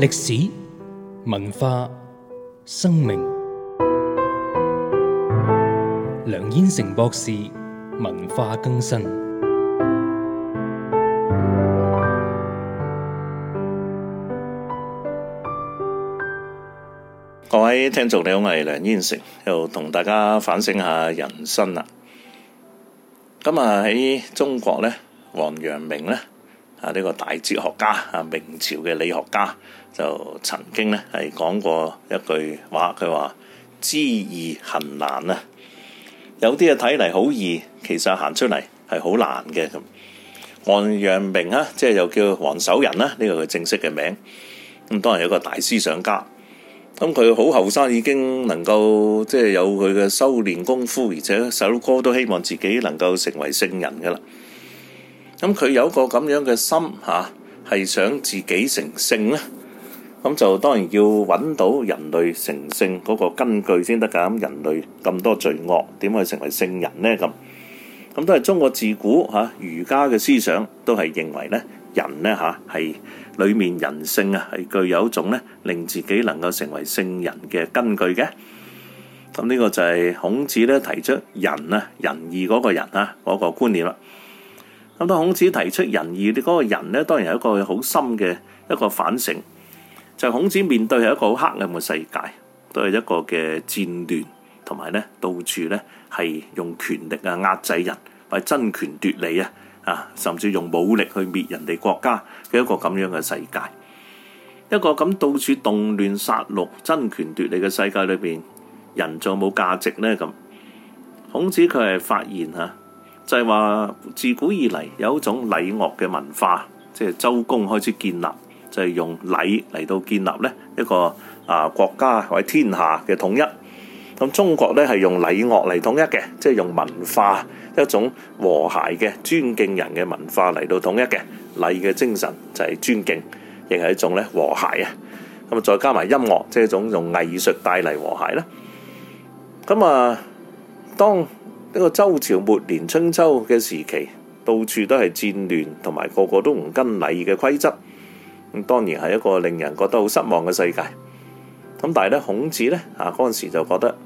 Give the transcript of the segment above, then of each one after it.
歷史、文化、生命，梁燕城博士文化更新。各位聽眾你好，我係梁燕城，又同大家反省下人生啦。今日喺中國咧，王陽明咧。呢個大哲學家啊，明朝嘅理學家就曾經呢係講過一句話，佢話知易行難啊！有啲嘢睇嚟好易，其實行出嚟係好難嘅。咁王陽明啊，即係又叫王守仁啦，啊，呢個佢正式嘅名。咁當然有個大思想家，咁佢好後生已經能夠即係有佢嘅修練功夫，而且首歌都希望自己能夠成為聖人噶啦。咁佢有一個咁樣嘅心，吓係想自己成聖咧，咁就當然要揾到人類成聖嗰個根據先得噶。咁人類咁多罪惡，點可以成為聖人呢？咁咁都係中國自古吓儒家嘅思想都係認為咧，人咧吓係裏面人性啊係具有一種咧令自己能夠成為聖人嘅根據嘅。咁呢個就係孔子咧提出仁啊仁義嗰個仁啊嗰個觀念啦。咁當孔子提出仁義，你嗰個人咧，當然係一個好深嘅一個反省。就孔子面對係一個好黑暗嘅世界，都係一個嘅戰亂，同埋咧到處咧係用權力啊壓制人，或者爭權奪利啊啊，甚至用武力去滅人哋國家嘅一個咁樣嘅世界。一個咁到處動亂殺戮、爭權奪利嘅世界裏邊，人仲有冇價值咧？咁孔子佢係發現吓。就係話自古以來有一種禮樂嘅文化，即係周公開始建立，就係用禮嚟到建立呢一個啊國家或者天下嘅統一。咁中國呢係用禮樂嚟統一嘅，即係用文化一種和諧嘅尊敬人嘅文化嚟到統一嘅。禮嘅精神就係尊敬，亦係一種咧和諧啊。咁啊再加埋音樂，即係一種用藝術帶嚟和諧啦。咁啊當呢個周朝末年春秋嘅時期，到處都係戰亂，同埋個個都唔跟禮嘅規則，咁當然係一個令人覺得好失望嘅世界。咁但係咧，孔子咧，啊嗰陣時就覺得，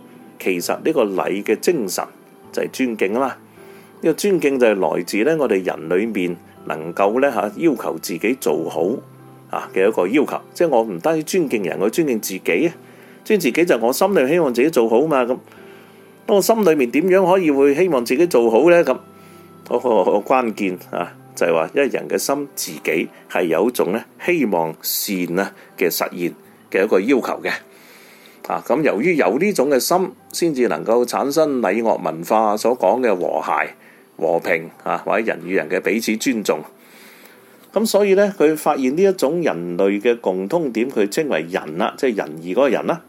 其實呢個禮嘅精神就係尊敬啊嘛。呢個尊敬就係來自咧，我哋人裏面能夠咧吓要求自己做好啊嘅一個要求。即係我唔單止尊敬人，我尊敬自己啊。尊敬自己就我心裏希望自己做好嘛咁。我心裏面點樣可以會希望自己做好呢？咁嗰個關鍵啊，就係話一人嘅心自己係有一種呢希望善啊嘅實現嘅一個要求嘅。啊，咁由於有呢種嘅心，先至能夠產生禮樂文化所講嘅和諧、和平啊，或者人與人嘅彼此尊重。咁所以呢，佢發現呢一種人類嘅共通點，佢稱為仁啦，即係仁義嗰個人啦。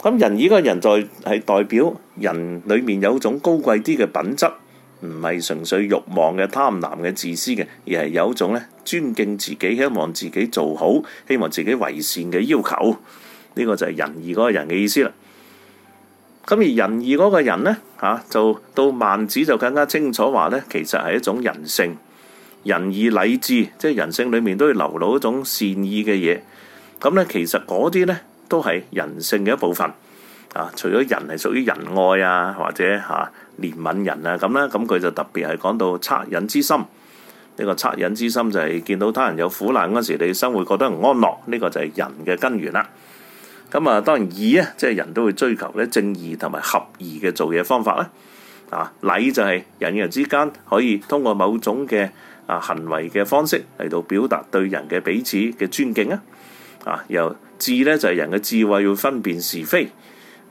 咁仁義嗰個人在係代表人裏面有一種高貴啲嘅品質，唔係純粹欲望嘅貪婪嘅自私嘅，而係有一種咧尊敬自己，希望自己做好，希望自己為善嘅要求。呢、這個就係仁義嗰個人嘅意思啦。咁而仁義嗰個人呢，吓、啊、就到孟子就更加清楚話呢，其實係一種人性，仁義禮智，即係人性裏面都要流露一種善意嘅嘢。咁呢，其實嗰啲呢。都係人性嘅一部分啊！除咗人係屬於仁愛啊，或者嚇、啊、憐憫人啊咁啦，咁佢就特別係講到惻隱之心。呢、這個惻隱之心就係、是、見到他人有苦難嗰時，你生活覺得唔安樂。呢、這個就係人嘅根源啦。咁啊，當然義咧，即係人都會追求咧正義同埋合義嘅做嘢方法啦。啊禮就係人與人之間可以通過某種嘅啊行為嘅方式嚟到表達對人嘅彼此嘅尊敬啊。啊！又智咧就係、是、人嘅智慧，要分辨是非。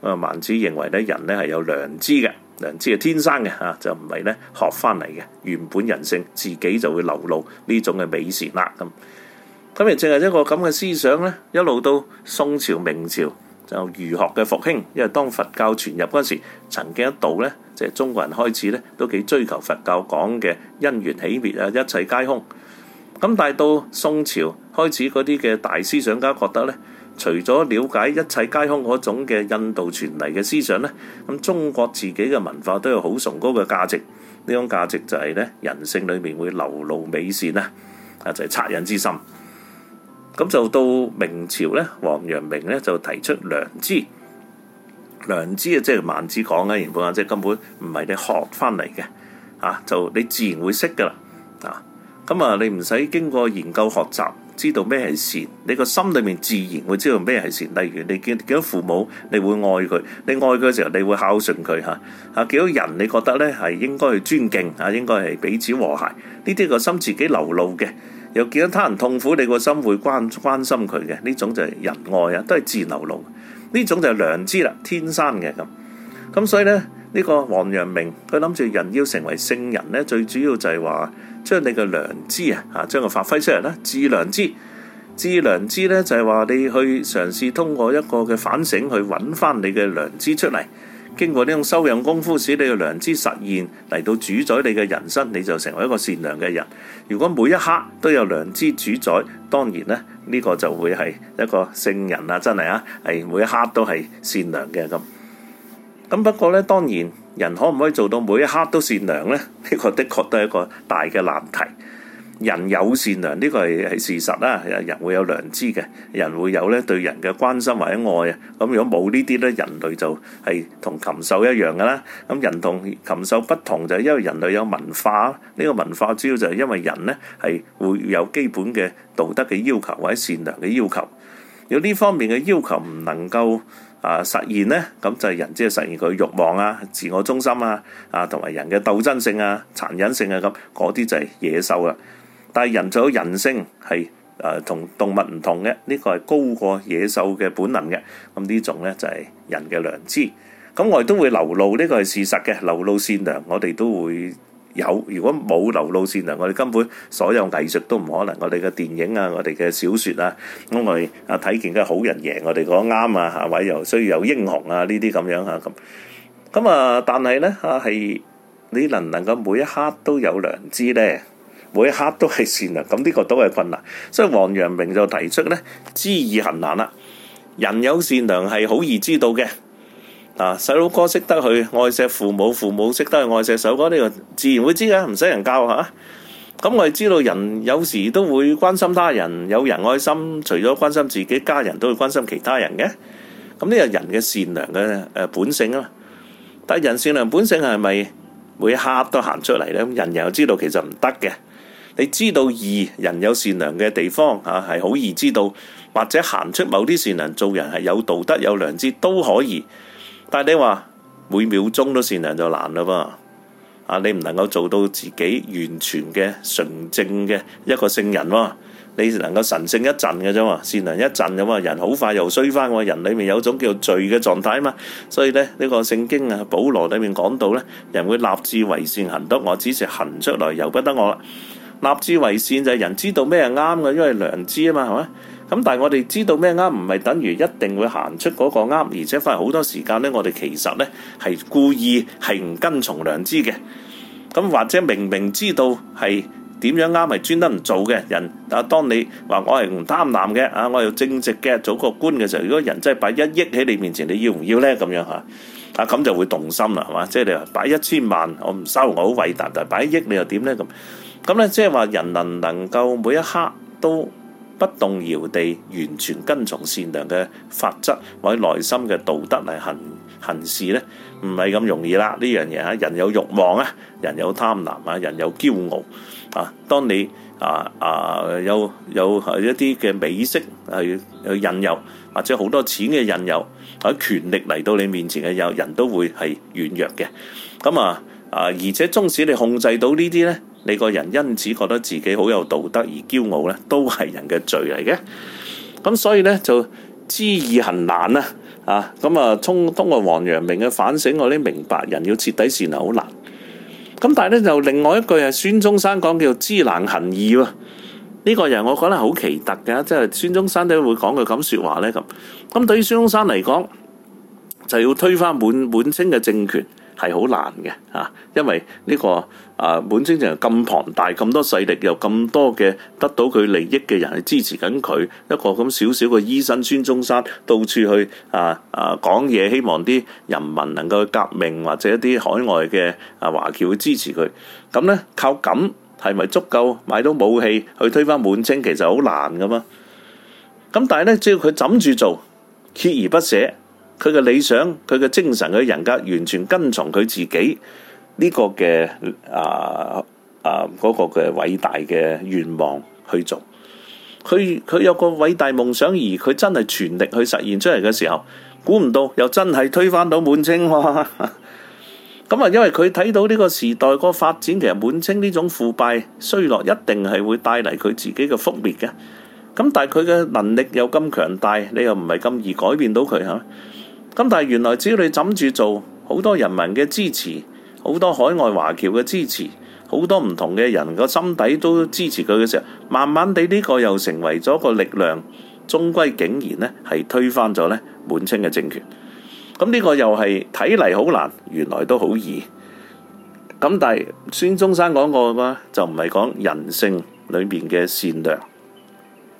啊，孟子認為咧，人咧係有良知嘅，良知係天生嘅，吓、啊、就唔係咧學翻嚟嘅。原本人性自己就會流露呢種嘅美善啊咁。咁、嗯、而正係一個咁嘅思想咧，一路到宋朝、明朝就儒學嘅復興。因為當佛教傳入嗰時，曾經一度咧，即、就、係、是、中國人開始咧都幾追求佛教講嘅因緣起滅啊，一切皆空。咁但係到宋朝開始嗰啲嘅大思想家覺得呢，除咗了，了解一切皆空嗰種嘅印度傳嚟嘅思想呢，咁中國自己嘅文化都有好崇高嘅價值。呢種價值就係咧人性裏面會流露美善啊，啊就係、是、惻隱之心。咁、啊、就到明朝呢，王陽明呢就提出良知，良知啊即係孟子講嘅，原本即係根本唔係你學翻嚟嘅，啊就你自然會識噶啦，啊。咁啊！你唔使經過研究學習，知道咩係善。你個心裡面自然會知道咩係善。例如你見見到父母，你會愛佢；你愛佢嘅時候，你會孝順佢吓啊。見到人，你覺得呢係應該去尊敬啊，應該係彼此和諧。呢啲個心自己流露嘅。又見到他人痛苦，你個心會關關心佢嘅。呢種就係仁愛啊，都係自然流露。呢種就係良知啦、啊，天生嘅咁。咁、啊、所以呢，呢、這個王陽明佢諗住人要成為聖人呢，最主要就係話。將你嘅良知啊，啊，將佢發揮出嚟啦。致良知，致良知呢，就係話你去嘗試通過一個嘅反省去揾翻你嘅良知出嚟，經過呢種修養功夫，使你嘅良知實現嚟到主宰你嘅人生，你就成為一個善良嘅人。如果每一刻都有良知主宰，當然呢，呢個就會係一個聖人啦，真係啊，係每一刻都係善良嘅咁。咁不過咧，當然人可唔可以做到每一刻都善良呢？呢個的確都係一個大嘅難題。人有善良呢個係係事實啦，人會有良知嘅，人會有咧對人嘅關心或者愛啊。咁如果冇呢啲咧，人類就係同禽獸一樣噶啦。咁人同禽獸不同就係因為人類有文化，呢個文化主要就係因為人呢係會有基本嘅道德嘅要求或者善良嘅要求。有呢方面嘅要求唔能夠啊、呃、實現呢，咁就係人即係實現佢欲望啊、自我中心啊、啊同埋人嘅鬥爭性啊、殘忍性啊，咁嗰啲就係野獸啊。但係人仲有人性係誒同動物唔同嘅，呢、呢個係高過野獸嘅本能嘅。咁呢種呢就係、係、人嘅良知，咁我哋都會流露，呢、呢個係事實嘅，流露善良，我哋都會。有，如果冇流露善良，我哋根本所有藝術都唔可能。我哋嘅電影啊，我哋嘅小説啊，咁我哋啊睇見嘅好人贏，我哋講啱啊，係咪？又需要有英雄啊呢啲咁樣嚇咁。咁啊，但係咧啊，係你能唔能夠每一刻都有良知咧，每一刻都係善良，咁呢個都係困難。所以王陽明就提出咧，知易行難啦。人有善良係好易知道嘅。啊！細佬哥識得去愛錫父母，父母識得去愛錫手哥，呢個自然會知嘅，唔使人教下咁、啊、我哋知道人有時都會關心他人，有人愛心，除咗關心自己家人都會關心其他人嘅。咁呢個人嘅善良嘅、呃、本性啊，但係人善良本性係咪每一刻都行出嚟呢？人人又知道其實唔得嘅，你知道義人有善良嘅地方嚇係好易知道，或者行出某啲善良做人係有道德有良知都可以。但係你話每秒鐘都善良就難嘞噃，啊，你唔能夠做到自己完全嘅純正嘅一個聖人，你能夠神聖一陣嘅啫嘛，善良一陣嘅嘛，人好快又衰翻嘅，人裏面有種叫罪嘅狀態啊嘛，所以咧呢個聖經啊保羅裏面講到呢，人會立志為善行得我，只是行出來由不得我，立志為善就係人知道咩係啱嘅，因為良知啊嘛係咪。咁但係我哋知道咩啱，唔係等於一定會行出嗰個啱，而且反而好多時間呢，我哋其實呢係故意係唔跟從良知嘅。咁或者明明知道係點樣啱，係專登唔做嘅人。啊，當你話我係唔貪婪嘅，啊，我有正直嘅做個官嘅時候，如果人真係擺一億喺你面前，你要唔要呢？咁樣嚇，啊咁就會動心啦，係嘛？即係你話擺一千萬，我唔收，我好偉大；但係擺一億，你又點呢？咁咁呢，即係話人能能夠每一刻都，不動搖地完全跟從善良嘅法則，或者內心嘅道德嚟行行事呢，唔係咁容易啦。呢樣嘢啊，人有慾望啊，人有貪婪啊，人有驕傲啊。當你啊啊有有一啲嘅美色係去引誘，或者好多錢嘅引誘，喺權力嚟到你面前嘅有人都會係軟弱嘅。咁、嗯、啊啊，而且縱使你控制到呢啲呢。你個人因此覺得自己好有道德而驕傲呢，都係人嘅罪嚟嘅。咁所以呢，就知易行難啊！啊咁啊，通過啊，王陽明嘅反省，我啲明白人要徹底善行好難。咁、啊、但係呢，就另外一句係孫中山講叫知難行易喎，啊。呢、呢個人我覺得好奇特嘅，即係孫中山都會講句咁説話呢。咁、啊。咁對於孫中山嚟講，就要推翻滿滿清嘅政權。係好難嘅，啊，因為呢個啊滿清就咁龐大，咁多勢力，有咁多嘅得到佢利益嘅人去支持緊佢，一個咁少少嘅醫生孫中山到處去啊啊講嘢，希望啲人民能夠革命，或者一啲海外嘅啊華僑去支持佢，咁呢，靠咁係咪足夠買到武器去推翻滿清？其實好難噶嘛。咁但係呢，只要佢枕住做，鍥而不捨。佢嘅理想，佢嘅精神，佢人格，完全跟從佢自己呢個嘅啊啊、嗰個嘅偉大嘅願望去做。佢佢有個偉大夢想，而佢真係全力去實現出嚟嘅時候，估唔到又真係推翻到滿清。咁啊，因為佢睇到呢個時代個發展，其實滿清呢種腐敗衰落一定係會帶嚟佢自己嘅覆滅嘅。咁但係佢嘅能力又咁強大，你又唔係咁易改變到佢，係咪？咁但係原來只要你枕住做，好多人民嘅支持，好多海外華僑嘅支持，好多唔同嘅人個心底都支持佢嘅時候，慢慢地呢個又成為咗個力量，終歸竟然呢係推翻咗呢滿清嘅政權。咁、嗯、呢、呢個又係睇嚟好難，原來都好易。咁但係孫中山講過嘛，就唔係講人性裏面嘅善良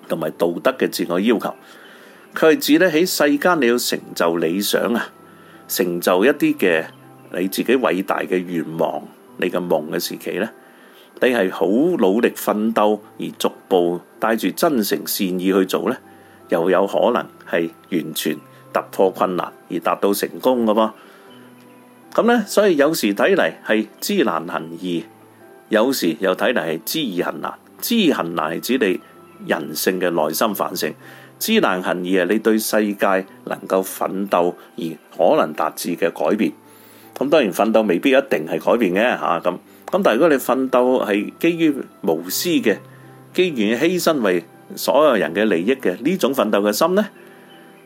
同埋道德嘅自我要求。佢係指咧喺世間你要成就理想啊，成就一啲嘅你自己偉大嘅願望，你嘅夢嘅時期呢，你係好努力奮鬥而逐步帶住真誠善意去做呢，又有可能係完全突破困難而達到成功嘅噃。咁呢，所以有時睇嚟係知難行易，有時又睇嚟係知易行難。知易行難係指你人性嘅內心反省。知難行易係你對世界能夠奮鬥而可能達至嘅改變，咁當然奮鬥未必一定係改變嘅吓咁。咁、啊、但係如果你奮鬥係基於無私嘅，基於願犧牲為所有人嘅利益嘅呢種奮鬥嘅心呢，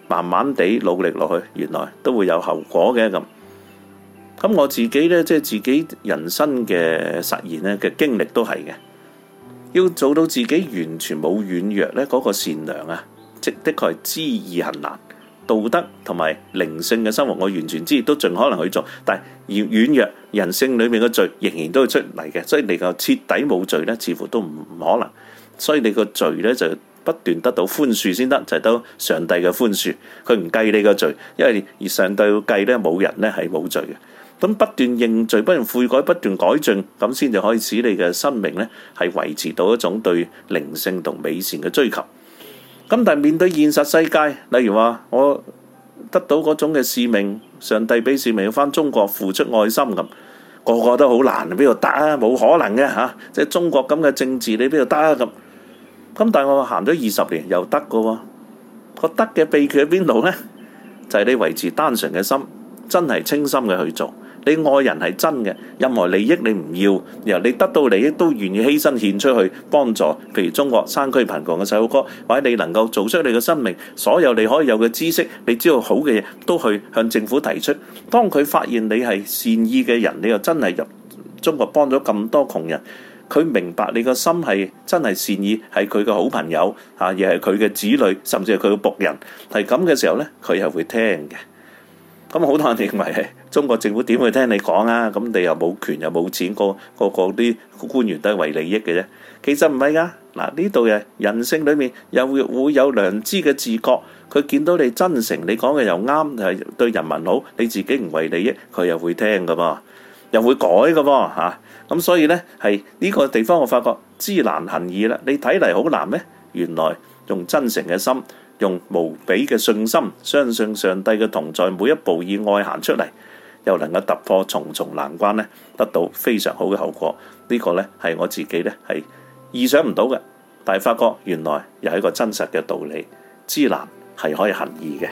慢慢地努力落去，原來都會有後果嘅咁。咁我自己呢，即係自己人生嘅實現呢嘅經歷都係嘅，要做到自己完全冇軟弱呢嗰個善良啊！的確係知易行難，道德同埋靈性嘅生活，我完全知，都盡可能去做。但係而軟弱人性裏面嘅罪，仍然都會出嚟嘅，所以你夠徹底冇罪呢，似乎都唔可能。所以你個罪呢，就不斷得到寬恕先得，就係得到上帝嘅寬恕，佢唔計你個罪，因為而上帝要計呢，冇人呢係冇罪嘅。咁不斷認罪，不斷悔改，不斷改進，咁先至可以使你嘅生命呢，係維持到一種對靈性同美善嘅追求。咁但係面對現實世界，例如話我得到嗰種嘅使命，上帝俾使命翻中國付出愛心咁，個個都好難，邊度得啊？冇可能嘅吓，即係中國咁嘅政治，你邊度得啊？咁，咁但係我行咗二十年又得㗎喎，個得嘅秘訣喺邊度呢？就係你維持單純嘅心，真係清心嘅去做。你愛人係真嘅，任何利益你唔要，然後你得到利益都願意犧牲獻出去幫助。譬如中國山區貧窮嘅細路哥，或者你能夠做出你嘅生命，所有你可以有嘅知識，你知道好嘅嘢都去向政府提出。當佢發現你係善意嘅人，你又真係入中國幫咗咁多窮人，佢明白你個心係真係善意，係佢嘅好朋友啊，亦係佢嘅子女，甚至係佢嘅僕人，係咁嘅時候呢，佢又會聽嘅。咁好多人認為係中國政府點會聽你講啊？咁你又冇權又冇錢，個個啲官員都係為利益嘅啫。其實唔係噶，嗱呢度嘅人性裏面又會有良知嘅自覺。佢見到你真誠，你講嘅又啱，係對人民好，你自己唔為利益，佢又會聽嘅噃，又會改嘅噃嚇。咁、啊、所以呢，係呢個地方我發覺知難行易啦。你睇嚟好難咩？原來用真誠嘅心。用無比嘅信心，相信上帝嘅同在，每一步以外行出嚟，又能夠突破重重難關咧，得到非常好嘅後果。呢、呢個咧係我自己咧係意想唔到嘅，但係發覺原來又係一個真實嘅道理，知難，係可以行易嘅。